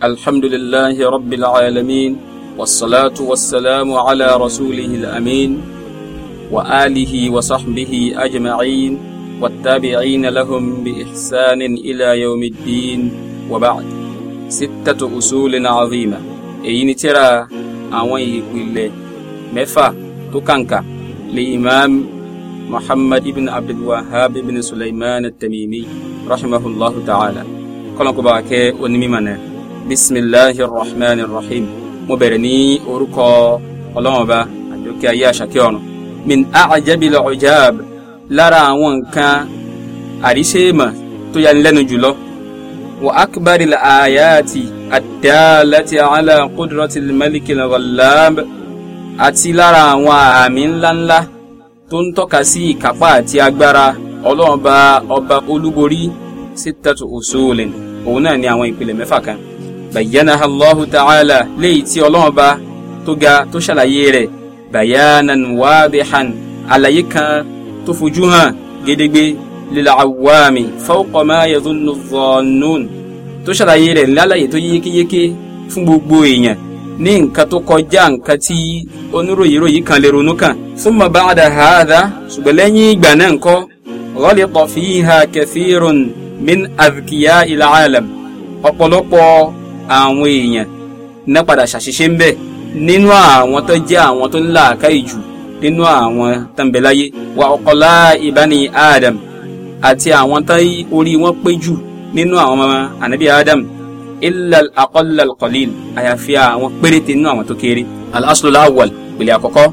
الحمد لله رب العالمين والصلاة والسلام على رسوله الأمين وآله وصحبه أجمعين والتابعين لهم بإحسان إلى يوم الدين وبعد ستة أصول عظيمة إيني ترى يقول كل مفا تكنك لإمام محمد بن عبد الوهاب بن سليمان التميمي رحمه الله تعالى كلكم باكي ونمي منه bisimilahi rahman rahim mo bẹ̀rẹ̀ ní orúkọ ọlọ́wọ́n ba àjọkẹ́ ayé àṣàkẹ́ ọ̀run min ajabil ujab lára àwọn nǹkan àríṣèmà tó yanilẹ́nu jùlọ wa akbari ayati adalati ala qudrati maliki ghallab àti lára àwọn àmì ńláńlá tó ń tọ́ka sí ìkápá àti agbára ọlọ́ọ̀ba ọba olúborí sittatu usulin òun náà ni àwọn ìpìlẹ̀ mẹ́fà kan bayyanaha Allahu ta'ala léyìí tí ọlọ́run ba tó ga tó ṣàlàyé rẹ̀ bayanan wadihan àlàyé kan tó fojú hàn gédégbé lil'awwami fawqa ma yadhunnu adh-dhannun tó ṣàlàyé rẹ̀ lálàyé tó yékéyéké fún gbogbo èèyàn ní nǹkan tó kọjá nǹkan tí oníròyìnròyìn kan lè ronú kàn. summa ba'da hadha ṣùgbọ́n lẹ́yìn ìgbà náà ńkọ́ ghalita fiha kathirun min adhkiya il-alam ọ̀pọ̀lọpọ̀ àwọn èèyàn náà padà ṣàṣìṣe ń bẹ̀ nínú àwọn tó jẹ́ àwọn tó ń làákàyè jù nínú àwọn tó ń bẹ láyé wà ọ̀kọ̀lá ìbáni Adam àti àwọn tó orí wọn pé jù nínú àwọn ọmọ ànábì Adam illal aqallal qalil àyàfi àwọn péréte nínú àwọn tó kéré. al-aslul pèlè àkọ́kọ́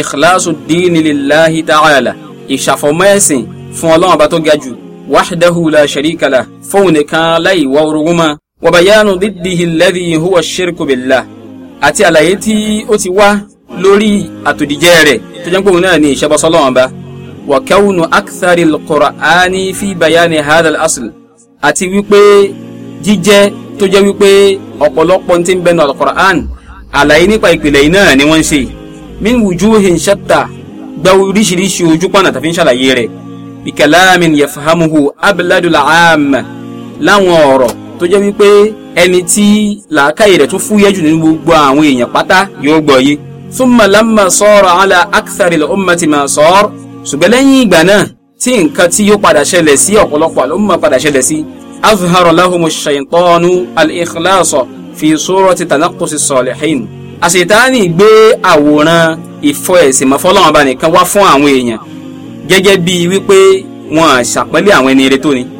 ikhlasu diini lillahi ta'ala ìṣàfọ̀mọ́ ẹ̀sìn fún ọlọ́run ọba tó ga jù wahdahu la sharika fóun nìkan láì wá orogún mọ́ wàbàyánu dídìhì lẹ́dí huwa ṣírkù billah àti àlàyé tí ó ti wá lórí àtòdìjẹ́ rẹ̀ tó jẹ́ pé òun náà ní ìṣẹ́bọ sọ́lọ́wọ́n bá wà kẹ́wùnù akthari al-Qur'ani fi bayani hadal asl àti wípé jíjẹ́ tó jẹ́ wípé ọ̀pọ̀lọpọ̀ tí ń bẹnu al-Qur'an àlàyé nípa ìpìlẹ̀ yìí náà ni wọ́n ń ṣe min wujuhin shatta gba oríṣiríṣi ojú pọ̀nà tàfi ń ṣàlàyé rẹ̀ bi kalamin yafhamuhu abladul láwọn ọ̀rọ̀ tó jẹ́ wípé ẹni tí làákàyè rẹ̀ tún fúyẹ́ jù nínú gbogbo àwọn èèyàn pátá yóò gbọ́ yé summa lamma sọ̀rọ̀ ala akthari l'ummati ma sọ̀rọ̀ ṣùgbọ́n lẹ́yìn ìgbà náà tí nǹkan tí yóò padà ṣẹlẹ̀ sí ọ̀pọ̀lọpọ̀ àlùmọ̀ padà ṣẹlẹ̀ sí azhara lahumu shaytanu al-ikhlasa fi surati tanaqqusi salihin àṣetáni gbé àwòrán ìfọ ẹ̀sìn mọ́fọ́lọ́wọ́n bá nìkan wá fún àwọn èèyàn gẹ́gẹ́ bíi wípé wọn àṣàpẹ́lẹ̀ àwọn ẹni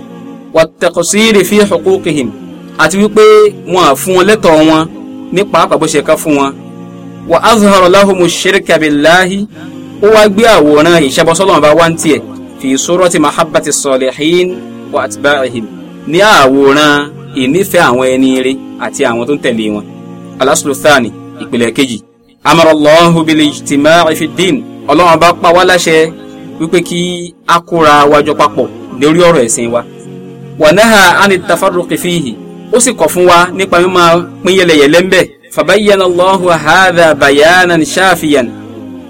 wàtẹ̀kọ̀síìrì fi huquqihim àti wípé wọn à fún wọn lẹ́tọ̀ọ́ wọn ní pàápàá bó ṣe ká fún wọn. wà á zọrọ láhùnmù shirka billahi ó wá gbé àwòrán ìṣẹ́bọsọ́lọ́wọ́n bá wá ń tiẹ̀ fi surati mahabbati salihin wa atba'ihim ní àwòrán ìnífẹ̀ẹ́ àwọn ẹni ire àti àwọn tó ń tẹ̀lé wọn. alásùlù ìpìlẹ̀ kejì amarallahu bil ijtima'i fi din bá pa wá láṣẹ wípé kí a kóra wájọ papọ̀ lórí ọ̀rọ̀ ẹ̀sìn wa wanaha ani tafarruqi fihi ó sì kọ̀ fún wa nípa mímọ̀ pín yẹlẹyẹlẹ ń bẹ̀ fabayyana allahu hadha bayanan shafiyan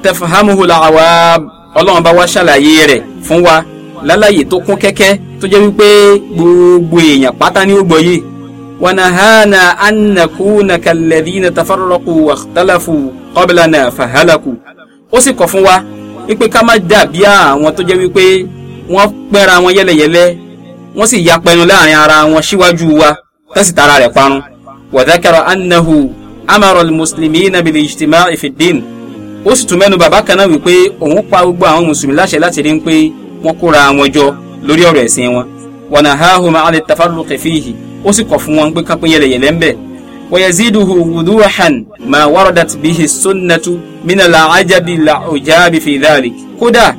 tafahamuhu la'awab ọlọ́run bá wá ṣàlàyé rẹ̀ fún wa lálàyé tó kún kẹ́kẹ́ tó jẹ́ wípé gbogbo èèyàn pátá ní ògbọ́ yìí wanahana annakuna kalladhina tafarraqu wakhtalafu qablana fahalaku ó sì kọ̀ fún wa wípé ká má dàbí àwọn tó jẹ́ wípé wọ́n pẹ́ra wọn yẹlẹyẹlẹ wọ́n sì yapa ẹnu láàrin ara wọn síwájú wa tán sì tara rẹ̀ parun. wa dhakara annahu amara al-muslimina bil-ijtima'i fi ad-din. ó sì tún mẹ́nu bàbá kan náà wípé òun pa gbogbo àwọn mùsùlùmí láṣẹ láti rí pé wọ́n kóra wọn jọ lórí ọ̀rọ̀ ẹ̀sìn wọn. wa nahahum 'an at-tafarruqi fihi ó sì kọ̀ fún wọn pé kápẹ́ yẹlẹyẹlẹ ń bẹ̀. wa yaziduhu wuduhan ma waradat bihi sunnatu min al-'ajabi al-'ujabi fi dhalik. kódà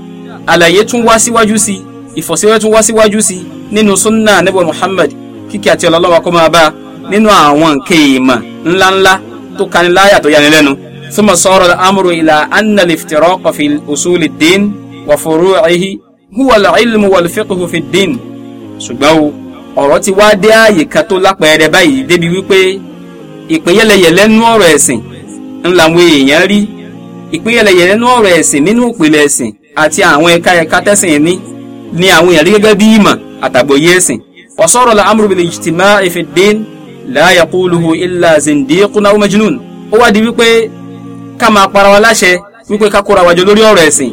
àlàyé tún wá síwájú sí ìfọ̀síwẹ́ tún wá síwájú sí nínú sunna nebo muhammad kíkẹ́ àti ọlọ́lọ́wọ́ kó máa bá nínú àwọn nǹkan ìmọ̀ ńláńlá tó kani láyà tó yani lẹ́nu. thumma sara al-amru ila anna al-iftiraqa fi usuli ad-din wa furu'ihi huwa al-ilmu fi ad ṣùgbọ́n o ọ̀rọ̀ ti wá dé ààyè kan tó lápẹẹrẹ báyìí débi wípé ìpínyẹlẹyẹlẹ nú ọ̀rọ̀ ẹ̀sìn ńlá èèyàn rí ìpínyẹlẹyẹlẹ nú ọ̀rọ̀ ẹ̀sìn nínú ìpìlẹ̀ ẹ̀sìn àti àwọn ẹ̀ka ẹ̀ka tẹ́sìn ní ni àwọn èèyàn rí gẹ́gẹ́ bí ìmọ̀ àtàgbòye ẹ̀sìn wa sara al-amru bil-ijtima'i fi ad-din la yaquluhu illa zindiqun aw majnun ó wá di wípé ká máa para wa láṣẹ wípé ká kóra wájọ lórí ọ̀rọ̀ ẹ̀sìn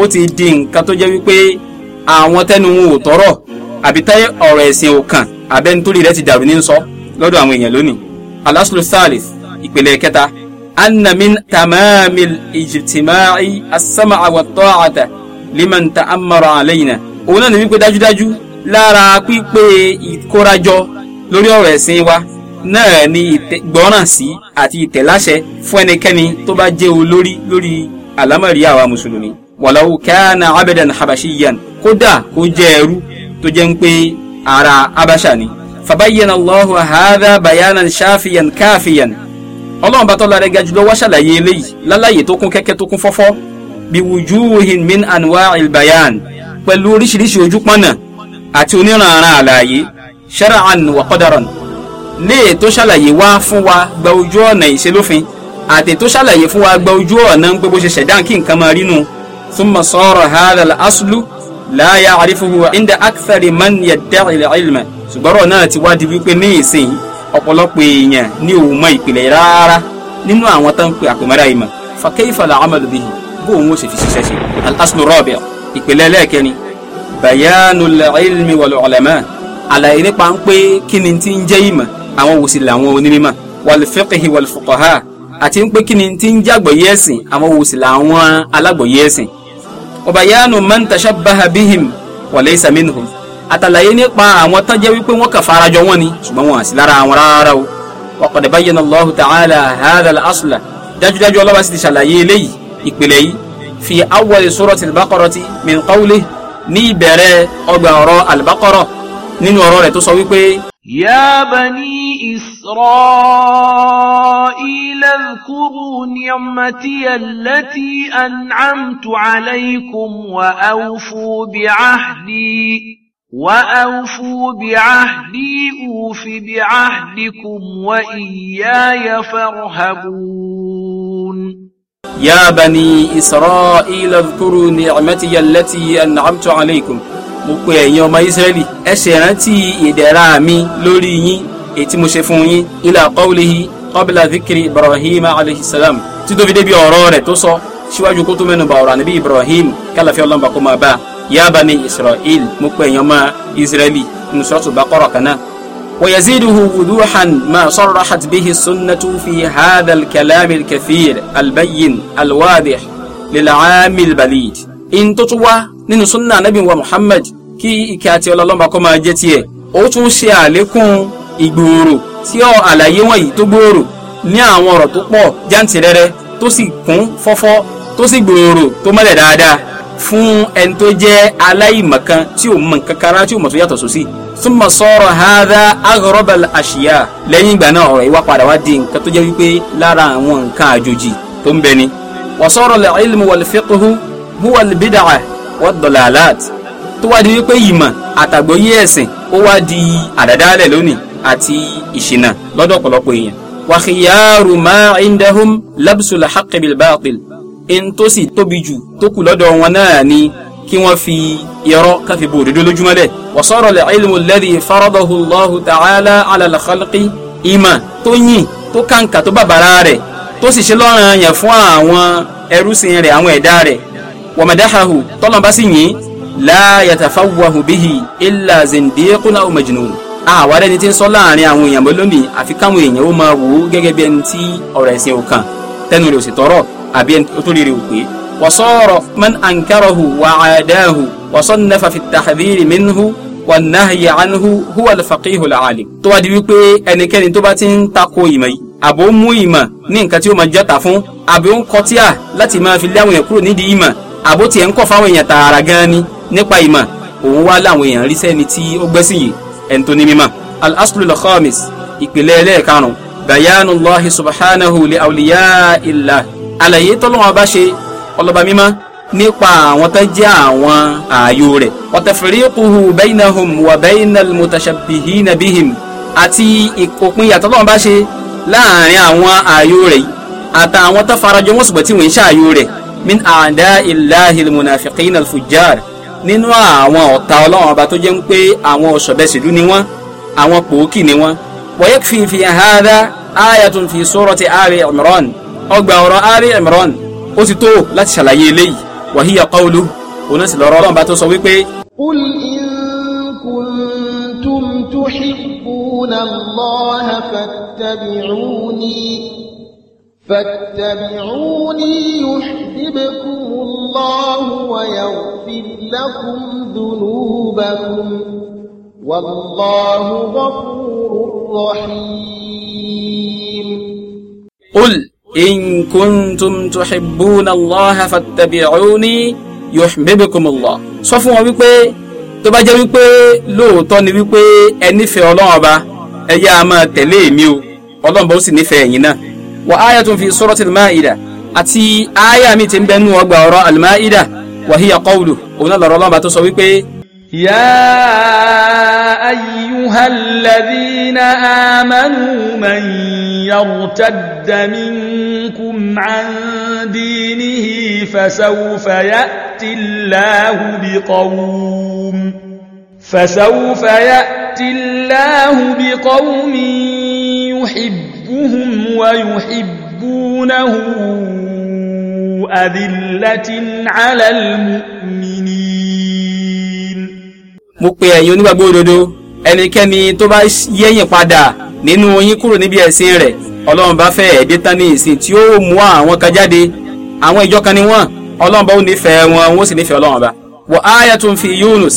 ó ti di nǹkan tó jẹ́ wípé àwọn tẹnu wọn ò tọrọ àbí tẹ ọ̀rọ̀ ẹ̀sìn ò kàn abẹ́ni rẹ ti dàrú ní sọ lọ́dọ̀ àwọn èèyàn lónìí. alaslu salis ìpìlẹ̀ kẹta anna min tamamil ijtima'i as-sam'a wa ta'ata liman alayna òun náà ní wípé dájúdájú lára pípé ìkórajọ lórí ọ̀rọ̀ ẹ̀sìn wa náà ni ìgbọ́ràn sí àti ìtẹ̀láṣẹ fún ẹnikẹ́ni tó bá jẹ́ olórí lórí àlámọ̀rí àwa mùsùlùmí wàláwù kana abadan habashiyan kódà kó jẹ́ ẹrú tó jẹ́ ń pé ara abasha ni. fabayyana Allahu hadha bayanan shafiyan kafiyan ọlọ́run bá tọ́lá rẹ̀ ga jùlọ wá ṣàlàyé eléyìí lálàyé tó kún kẹ́kẹ́ tó kún fọ́fọ́ bí wujuhin min anwa il pẹ̀lú oríṣiríṣi ojúpọ̀nà àti oníranran àlàyé shara'an wa qadaran léè tó ṣàlàyé wá fún wa gba ojú ọ̀nà ìṣelófin àti tó ṣàlàyé fún wa gba ojú ọ̀nà ń pé bó ṣe ṣẹ̀dá kí nǹkan máa rínú thumma sara hadha al-aslu la ya'rifuhu inda akthari man yadda'i al-ilma ṣùgbọ́n ọ̀rọ̀ náà ti wá di wípé ní ìsìn ọ̀pọ̀lọpọ̀ èèyàn ní òun ìpìlẹ̀ rárá nínú àwọn tó ń pe àpèmọ́ra ìmọ̀ fa kayfa al bóun ó ṣe fi ṣiṣẹ́ ṣe al-aslu rabi' ìpìlẹ̀ ẹlẹ́ẹ̀kẹrin bayanul ilmi wal ulama àlàyé nípa ń pé kí ni ti ń jẹ́ ìmọ̀ àwọn wò sí làwọn onímọ̀ wal fiqhi wal fuqaha àti ń pé kí ni ti ń jẹ́ àgbọ̀yé ẹ̀sìn àwọn wò sí làwọn alágbọ̀yé ẹ̀sìn wa bayanu man tashabbaha bihim wa laysa minhum àtàlàyé nípa àwọn tó jẹ́ wípé wọ́n kà farajọ wọn ni ṣùgbọ́n wọn àti lára àwọn rárá o wa qad bayyana Allahu ta'ala hadha dájúdájú ọlọ́wà sì ti ṣàlàyé eléyìí ìpìlẹ̀ yìí في أول سورة البقرة من قوله ني ìbẹ̀rẹ̀ ọgbà البقرة àlùbákọ́rọ̀ nínú ọ̀rọ̀ يا بني إسرائيل اذكروا نعمتي التي أنعمت عليكم وأوفوا بعهدي وأوفوا بعهدي أوف بعهدكم وإياي فارهبون يا بني إسرائيل اذكروا نعمتي التي أنعمت عليكم mo pe ẹ̀yin ọmọ Ísírẹ́lì ẹ ṣe rántí ìdẹ̀ra mi lórí yín èyí tí mo ṣe fún yín ilà qawlihi qabla dhikri Ibrahim alayhi salam tí tó fi débi ọ̀rọ̀ rẹ̀ tó sọ síwájú kó tó mẹ́nu bà ọ̀rọ̀ ànábì Ibrahim kálàfíà ọlọ́mọba kó máa bá a ya bani mo pe ẹ̀yin ọmọ Ísírẹ́lì nusratu Baqara kan náà ويزيده وضوحا ما صرحت به السنة في هذا الكلام الكثير البين الواضح للعام البليد إن تطوى nínú súnà nàbí wa Muhammad kí ìkẹ́ àti ọlọ́lọ́mọ kó máa jẹ́ tiẹ̀ ó tún ṣe àlékún ìgbòòrò tí ọ àlàyé wọ̀nyí tó gbòòrò ní àwọn ọ̀rọ̀ tó pọ̀ jáǹtìrẹrẹ tó sì kún fọ́fọ́ tó sì gbòòrò tó mọ́lẹ̀ dáadáa fún ẹni tó jẹ́ aláìmọ̀kan tí ò mọ̀ kankara tí ò mọ̀ tó yàtọ̀ sósì súnmọ́ sọ̀rọ̀ hadha aghrabal àṣìyà lẹ́yìn ìgbà náà ọ̀rọ̀ ìwà padà wá di nǹkan tó jẹ́ wípé lára àwọn nǹkan àjòjì tó ń bẹ ni. wa sara al-ilmu wal-fiqhu huwa al-bid'ah wad-dalalat tó wá di wípé ìmọ̀ àtàgbọ́yé ẹ̀sìn ó wá di àdádálẹ̀ lónìí àti ìṣìnà n tó sì tóbi jù tó kù lọ́dọ̀ wọn náà ni kí wọ́n fi irọ́ káfí bò òdodo lójúmọ́lẹ̀. wa sara al-ilmu alladhi faradahu Allahu ta'ala ala al-khalqi ìmọ̀ tó yìn tó kàǹkà tó bàbàrà rẹ̀ tó sì ṣe lọ́ràn yẹn fún àwọn ẹrúsìn rẹ̀ àwọn ẹ̀dá rẹ̀ wa madahahu sì yìn la yatafawwahu bihi illa zindiqun aw majnun àwa rẹni ń sọ láàrin àwọn èèyàn mọ́ àfi káwọn èèyàn ó máa wò ó gẹ́gẹ́ bí ẹni tí ọ̀rọ̀ ẹ̀sìn àbí ó tó lè rí o pé وصار من أنكره وعاداه وصنف في التحذير منه والنهي عنه هو الفقيه العالم tó wá di wípé ẹnikẹ́ni tó bá ti ń tako ìmọ̀ yìí àbò mú ìmọ̀ ní nǹkan tí ó máa jẹ́ta fún àbí ó ń kọtíà láti máa fi lé àwọn èèyàn kúrò nídìí ìmọ̀ àbó tiẹ̀ ń kọ̀ fáwọn èèyàn tààrà gan ni nípa ìmọ̀ òun wá láwọn èèyàn rí sẹ́ni tí ó gbẹ́sìn yìí ẹni tó ní mímọ̀. al-aslu al ìpìlẹ̀ ẹlẹ́ẹ̀karùn-ún bayanu allahi subhanahu li awliya illah àlàyé tọ́lọ́wọ́n bá ṣe ọlọ́ba mímọ́ nípa àwọn tó jẹ́ àwọn ààyò rẹ̀ watafriquhu baynahum wa baynal mutashabbihina bihim àti ìkòpin yàtọ̀ tọ́lọ́wọ́n bá ṣe láàrin àwọn ààyò rẹ̀ àtàwọn tó farajọ wọn ṣùgbọ́n tí wọ́n ń ṣààyò rẹ̀ min a'da'illahil munafiqina al-fujjar nínú àwọn ọ̀tá ọlọ́wọ́n ọba tó jẹ́ ń pé àwọn ọ̀ṣọ̀bẹ̀sìlú ni wọ́n àwọn pòókì ni wọ́n wa yakfi fi hadha ayatun fi surati ali imran ọgbà ọ̀rọ̀ ari imran ó ti tó láti ṣàlàyé eléyìí wàhíyà qawlu òun sì lọ́rọ̀ ọlọ́run bá tó sọ wípé. qul in kuntum tuhibbuna allaha fattabi'uni fattabi'uni yuhibbukum allahu wa yaghfir lakum dhunubakum wallahu ghafurur rahim. إن كنتم تحبون الله فاتبعوني يحببكم الله sọ fún wọn wípé tó bá jẹ́ wípé lóòótọ́ ni wípé ẹ nífẹ̀ẹ́ ọlọ́run ọba ẹ yá a máa tẹ̀lé mi o ọlọ́run bá ó sì nífẹ̀ẹ́ ẹ̀yin náà. wa ayatun fi suratil Maida àti aya mi ti ń bẹnu ọgbà ọ̀rọ̀ al-Maida wa hiya qawlu òun náà lọ́rọ̀ ọlọ́run bá tó sọ wípé. yáa ayé. أيها الذين آمنوا من يرتد منكم عن دينه فسوف يأتي الله بقوم فسوف يأتي الله بقوم يحبهم ويحبونه أذلة على المؤمنين mo pe ẹ̀yin onígbàgbọ́ òdodo ẹnikẹ́ni tó bá yẹ̀yìn padà nínú yín kúrò níbi ẹ̀sìn rẹ̀ ọlọ́run bá fẹ́ ẹ̀dẹ́ tán ní ìsìn tí ó mú àwọn kan jáde àwọn ìjọ kan ni wọ́n ọlọ́run bá ó nífẹ̀ẹ́ wọn wọ́n sì nífẹ̀ẹ́ ọlọ́run bá. wa ayatun fi Yunus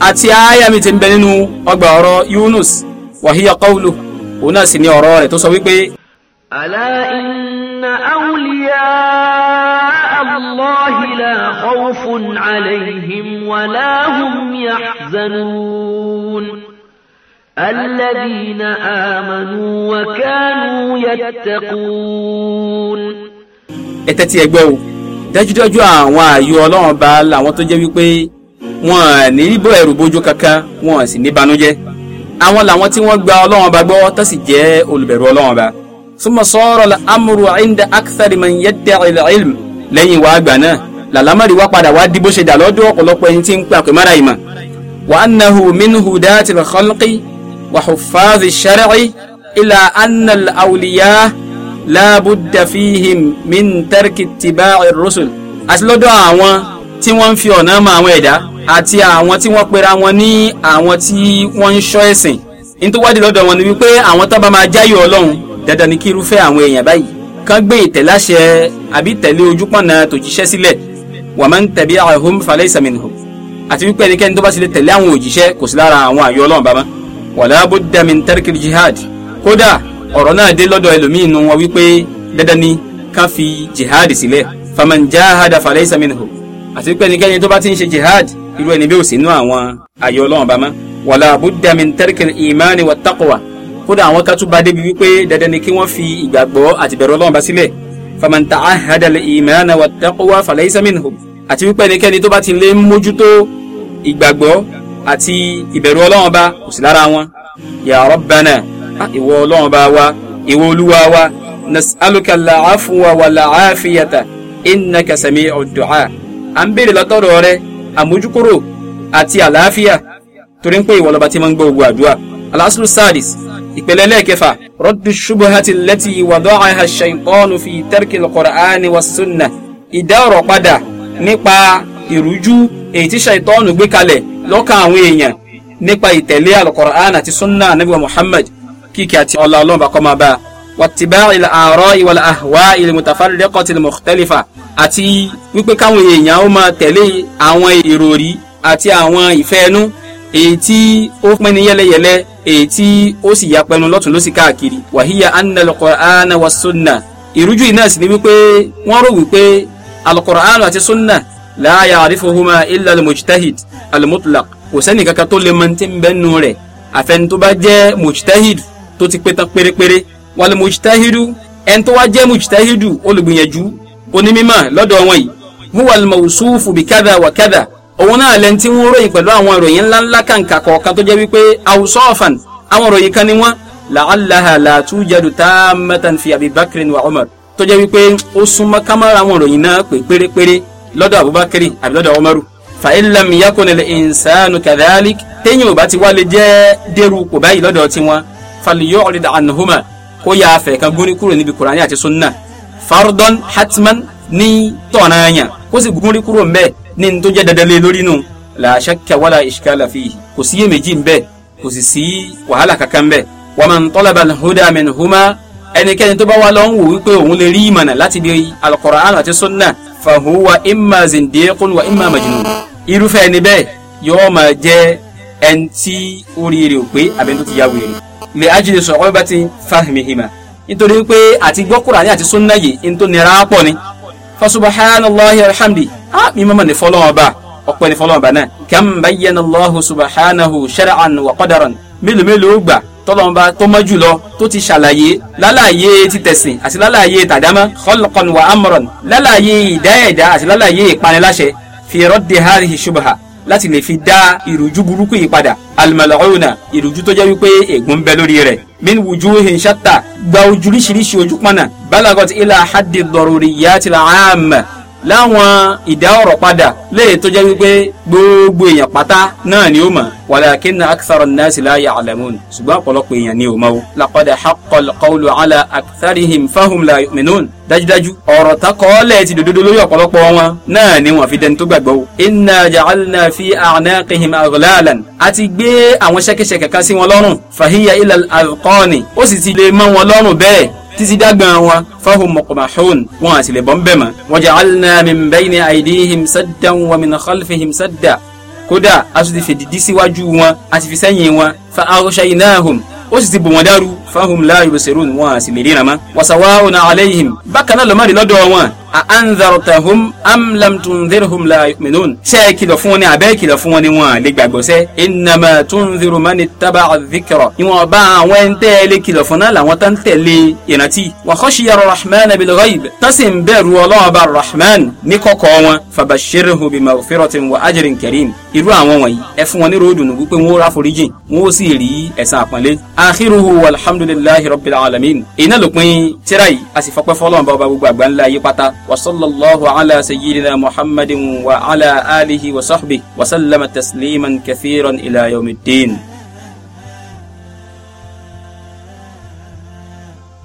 àti aya mi ti ń bẹ nínú ọgbà ọ̀rọ̀ Yunus wa hiya òun náà sì ni ọ̀rọ̀ rẹ̀ tó sọ wípé. ala inna awliya allahi la khawfun alayhim wa la hum yahzanun. الذين آمنوا وكانوا يتقون ẹ tẹ́tí ẹ gbọ́ o dájúdájú àwọn ààyò ọlọ́run ọba làwọn tó jẹ́ wípé wọn ní bó ẹ̀rù bójú kankan wọn sì ní banújẹ́ àwọn làwọn tí wọ́n gba ọlọ́run ọba gbọ́ tó sì jẹ́ olùbẹ̀rù ọlọ́run ọba summa sọ́ọ̀rọ̀ amúru inda akthari man yadda'i al-ilm lẹ́yìn wàá gbà náà làlámọ̀rí wá padà wá di bó ṣe dà lọ́dọ̀ ọ̀pọ̀lọpọ̀ ẹni tí ń pè àpè mára ìmọ̀ wa annahu min hudatil khalqi وحفاظ الشرع إلى أن الأولياء لا بد فيهم من ترك اتباع الرسل àti lọ́dọ̀ àwọn tí wọ́n ń àti àwọn tí wọ́n pera wọn ní àwọn tí wọ́n ń ṣọ́ ẹ̀sìn nítòwádìí lọ́dọ̀ wọn ni wípé àwọn tó máa jáyọ̀ ọlọ́run dandan ni kí irúfẹ́ àwọn èèyàn báyìí kán gbé ìtẹ̀láṣẹ àbí tẹ̀lé ojúpọ̀nà tòjíṣẹ́ sílẹ̀ wa man tabi'ahum falaysa minhum àti wípé ẹnikẹ́ni tó bá ti lè tẹ̀lé àwọn òjíṣẹ́ kò sí lára àwọn àyọ̀ ọlọ́run bàbá wàlá budda min tarkil jihad kódà ọ̀rọ̀ náà dé lọ́dọ̀ ẹlòmíín nu wọn wípé dandan ni ká fi jihad sílẹ̀ faman jahada falaysa minhu àti pé ẹnikẹ́ni tó bá ti ń ṣe jihad irú ẹni bí ó sì nú àwọn ayé ọlọ́run bá mọ́ wàlá budda min tarkil imani wa taqwa kódà àwọn kan tún bá débi wípé dandan ni kí wọ́n fi ìgbàgbọ́ àti bẹ̀rù ọlọ́run bá sílẹ̀ faman ta'ahada al-imana wa taqwa falaysa minhu àti wípé ẹnikẹ́ni tó bá ti lè mójútó ìgbàgbọ́ àti ìbẹ̀rù ọlọ́run bá kò sí lára wọn ya rabbana ìwọ ọlọ́run bá wa ìwọ olúwa wa nas'aluka làáfùwà wà làáfìyàtà innaka sami'ud du'a à ń béèrè lọ́tọ̀rọ̀ rẹ àmójúkúrò àti àlàáfíà torí ń pé ìwọ lọ́ba tí máa ń gbọ́ ogun àdúrà alaslu sadis ìpele lẹ́ẹ̀kẹfà rọ́dù ṣubuhati lẹ́tì wàdọ́ọ̀ha ṣaitọ́nù fi tẹ́rkì al-Qur'ani wa sunna ìdá ọ̀rọ̀ padà nípa ìrújú èyí tí ṣàìtọ́nù gbé kalẹ̀ lọ́kàn àwọn èèyàn nípa ìtẹ̀lé alukur'an àti sunna anabi muhammad kíkì àti ọlá ọlọ́run bá kọ́ máa bá a wàtìbá ilẹ̀ àárọ̀ ìwàlẹ̀ àhùwá ilẹ̀ mùtàfàlẹ́kọ̀ tilẹ̀ mọ̀tẹ́lifà àti wípé káwọn èèyàn ó máa tẹ̀lé àwọn ìròrí àti àwọn ìfẹ́ẹnú èyí tí ó pín ní yẹ́lẹ́yẹ́lẹ́ èyí tí ó sì ya pẹnu lọ́tún ló káàkiri wàhíyà anna al-Qur'ana wa sunna ìrújú iná sì ni wípé wọ́n rò wípé al-Qur'ana àti sunna la ya'rifuhuma illa al-mujtahid al-mutlaq kò sẹ́ni kankan tó lè mọ tí ń bẹ́ nu rẹ̀ àfẹni tó bá jẹ́ mujtahid tó ti pé tán pérépéré wal mujtahidu ẹni tó wá jẹ́ mujtahidu olùgbìyànjú onímímọ̀ lọ́dọ̀ wọn yìí huwa al-mawsufu bi kadha wa kadha òun náà lẹ́ni tí wọ́n ròyìn pẹ̀lú àwọn ìròyìn ńláńlá kàǹkà kọ̀ọ̀kan tó jẹ́ wípé awsafan àwọn ìròyìn kan ni wọ́n la'allaha la tujadu tammatan fi Abi Bakrin wa Umar tó jẹ́ wípé ó súnmọ́ kámẹ́rà àwọn ìròyìn náà pé pérépéré lọ́dọ̀ abubakari àbí lọ́dọ̀ ọmọrù fa in lam yakun al insanu kadhalik téèyàn ò bá ti wá lè jẹ́ dẹ́rù kò báyìí lọ́dọ̀ tiwọn falyu'rid anhuma kó yà á fẹ̀ kan gúnrí kúrò níbi kùránì àti sunna fardon hatman ní tọ̀nàyàn kó sì gúnrí kúrò mbẹ́ ní tó jẹ́ dandan lórí nù la shakka wala ishkala fihi kò sí iyèméjì mbẹ́ kò sì sí wàhálà kankan mbẹ́ wa man talaba al ẹnikẹ́ni tó bá wà lọ́n wípé òun lè rí ìmọ̀nà láti bí al-Qur'an àti sunna fahuwa imma zindiqun wa imma majnun irúfẹ́ ẹni bẹ́ẹ̀ yóò máa jẹ́ ẹni tí oríire ò pé àbẹ́ni tó ti ya wèrè lè ajílẹ̀ sọ̀rọ̀ bá ti fahimihima nítorí pé àti gbọ́ Kùránì àti súnná yìí ní tó nira pọ̀ ni fasubahánàláhi alhamdi á mi mọ́mọ́ ní fọlọ́wọ́n bá ọ̀pọ̀ ní fọlọ́wọ́n bá náà kàm bayyana Allahu subhanahu shar'an wa qadaran mélòó mélòó gbà tọ́lọ́mọba tó mọ̀ jùlọ tó ti ṣàlàyé lálàyé títẹ̀sìn àti lálàyé tàdámọ́ khalqan wa amran lálàyé ìdáẹ̀dá àti lálàyé ìpaniláṣẹ fi raddi hadhihi shubha láti lè fi dá ìrújú burúkú yìí padà alimalakuna ìrújú tó jẹ́ wípé ègún bẹ lórí rẹ̀ min wujuhin shatta gba ojúríṣiríṣi ojú pọnà balagot ila haddi daruriyati al-amma láwọn ìdá ọ̀rọ̀ padà léyìí tó jẹ́ wípé gbogbo èèyàn pátá náà ni ó mọ̀ walakinna akthara an-nasi la ya'lamun ṣùgbọ́n ọ̀pọ̀lọpọ̀ èèyàn ni ò mọ̀ o. laqad haqqa al-qawlu ala aktharihim fahum la yu'minun dájúdájú ọ̀rọ̀ takọọ́lẹ̀ ti dòdòdó lórí ọ̀pọ̀lọpọ̀ wọn náà ni wọ́n fi dẹni tó gbàgbọ́ o. inna ja'alna fi a'naqihim aghlalan a ti gbé àwọn ṣẹ́kẹ́ṣẹkẹ̀ kan sí wọn lọ́rùn fahiya ilal adqani ó sì ti lè mọ́ wọn lọ́rùn bẹ́ẹ̀ títí dágbà wọn fáwọn mọ̀kùnmáhún wọn àti lè bọ́n bẹ́ẹ̀ mọ́. wa ja'alna min bayni aydihim saddan wa min khalfihim sadda kódà a tún ti fèdìdí síwájú wọn a ti fi sẹ́yìn wọn fa aghshaynahum ó sì ti bò wọn dárú fahum la yubsirun wọn àti lè ríran mọ́. wa sawa'un alayhim bákan náà lọ́mọ́rin lọ́dọ̀ wọn anzartahum am lam tunzirhum la yu'minun. ṣé ẹ kìlọ̀ fún wọn ni àbẹ́ kìlọ̀ fún wọn ni wọn lè gbàgbọ́ sẹ́. innama tunziru mani taba'a dhikra. ìwọ̀n bá àwọn ẹni tẹ́ ẹ lè kìlọ̀ fún náà làwọn tán wa khashiya rahman bil ghaib. tọ́sí ń bẹ̀rù ọlọ́wọ́ bá rahman ní kọ̀kọ̀ wọn. fabashirhu bi maghfiratin wa ajrin karim. irú àwọn wọ̀nyí ẹ fún wọn ní ròdùnú wípé wọn ó ráforíjìn wọn ó sì rí ẹ̀san àpọ́nlé. akhiruhu walhamdulillahi rabbil alamin. ìnáà lópin tíráyì a sì fọpẹ́ fọlọ́run bá ọba gbogbo àgbáńlá yí وصلى الله على سيدنا محمد وعلى آله وصحبه وسلم تسليما كثيرا إلى يوم الدين